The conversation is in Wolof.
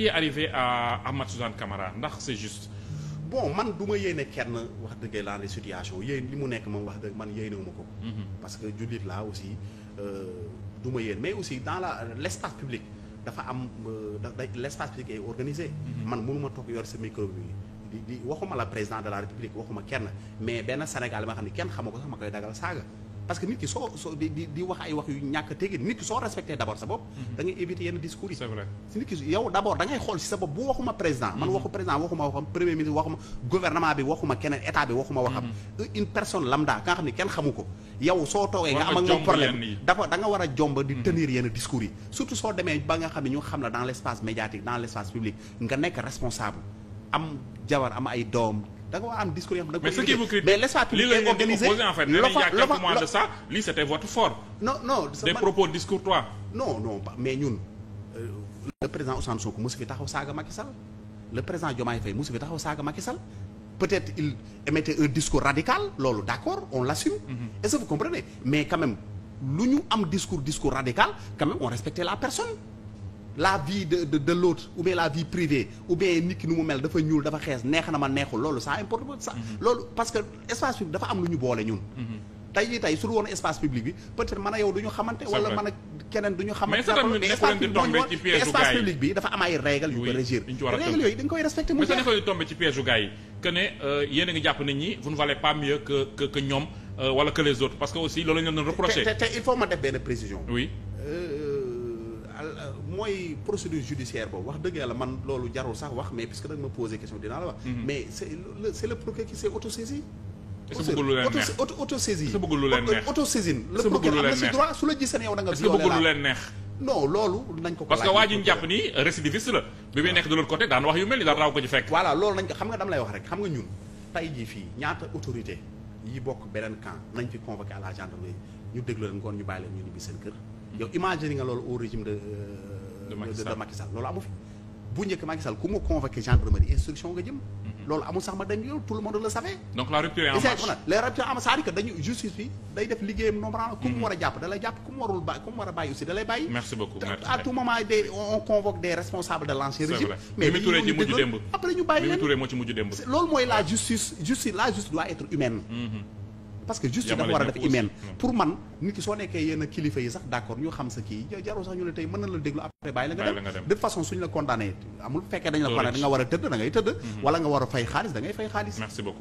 qui est arrivé à Ahmad Suzanne Camara ndax c'est juste. bon man du ma yéene kenn wax dëgg laa ne situation yéen li mu nekk moom wax dëgg man yéene wu ma ko. Mhm. parce que jullit laa aussi euh, du ma yéen mais aussi dans la l'espace public dafa am euh, da l'espace public est organisé. Mhm. man mënu ma toog yor sa micro bi di di waxuma la président de la république waxuma kenn mais benn Sénégal ma xam ne kenn xama ko sax ma koy dagal saaga. parce que nit ki soo soo di di di wax ay wax yu ñàkk tegi nit ki soo respecté d' sa bopp. Mhm. da ngay éviter yenn discours yi. c' est vrai si nit ki yow d' abord da ngay xool si sa bopp bu waxuma président. man mhm. waxu président waxuma waxam premier ministre waxuma gouvernement bi waxuma keneen état bi waxuma waxam. Mhm. une personne lambda ka nga xam ne kenn xamu ko. yow soo toogee nga am ak moom problème dafa da war a jomb di tenir yenn discours yi. surtout soo demee ba nga am ay doom. da nga am discours yoo xam da nga ko critiquer mais l'espace public est organisé lii en fait il y a quelques mois de ça lii c'était votre fort non non des propos discourtois non non mais ñun euh, le président Ousmane Sonko mosu fi taxaw saaga Macky Sall le président Diomaye Faye mosu fi taxaw saaga Macky peut-être il émettait un discours radical loolu d'accord on l'assume mhm. est-ce que vous comprenez mais quand lu ñu am discours discours radical quand on respectait la personne la vie de de de l'autre ou bien la vie privée ou bien nit ki mu mel dafa ñuul dafa xees neex na ma neexul loolu ça importe pas mhm. loolu parce que espace public dafa am a yow du ñu xamante wala man a keneen du ñu xamante espace public ay règles yu ko régir règles yooyu dañ koy respecté mu mais yi que ne euh, ngi jàpp nit ñi vous ne pas mieux que que ñoom euh, wala que les autres parce que aussi loolu la ñu doon reproché te il faut ma def benn précision oui euh, Euh, mooy procédure judiciaire boobu wax dëgg yàlla man loolu jarul sax wax mais puisque danga ma posé question dinaa la wax. Mm-hmm. mais c' est le c' est s' est autosaisi. est ce bëggul lu leen neex autosaisi. est ce bëggul lu leen neex autosaisine. est ce bëggul lu leen neex le procureur am na su la gisee yow da nga. violé la est ce bëggul lu leen neex. ji ñu la bi muy nekk de côté daan wax yu mel ni daan raw ko ci fekk. voilà loolu nañ ko xam nga dama lay wax rek xam nga ñun tey jii fii ñaata bokk beneen camp nañ fi convoqué à la gendarmerie ñu déglu leen yow imaginer nga loolu au régime de. Euh, de Macky Sall de Macky Sall loolu amu fi. bu njëkk Macky Sall ku mu convoqué gendarmerie instruction nga jëm. Mhm. loolu amul sax ma dañ tout le monde la rupture la rupture mhm. da lay jàpp ku mu mu war a bàyyi aussi on convoque des responsables démb loolu mooy la justice justice la justice doit être humaine. Mhm. parce que justice dafa war a def humaine pour man nit ki soo nekkee yenn kilifa yi sax d'accord ñu xam sa kii jarul sax ñu ne tey mën na la déglu après bàyyi la nga dem de toute façon suñu la condamné amul fekkee dañ la condamné nga war a tëdd da tëdd mhm. wala nga war a fay xaalis da ngay xaalis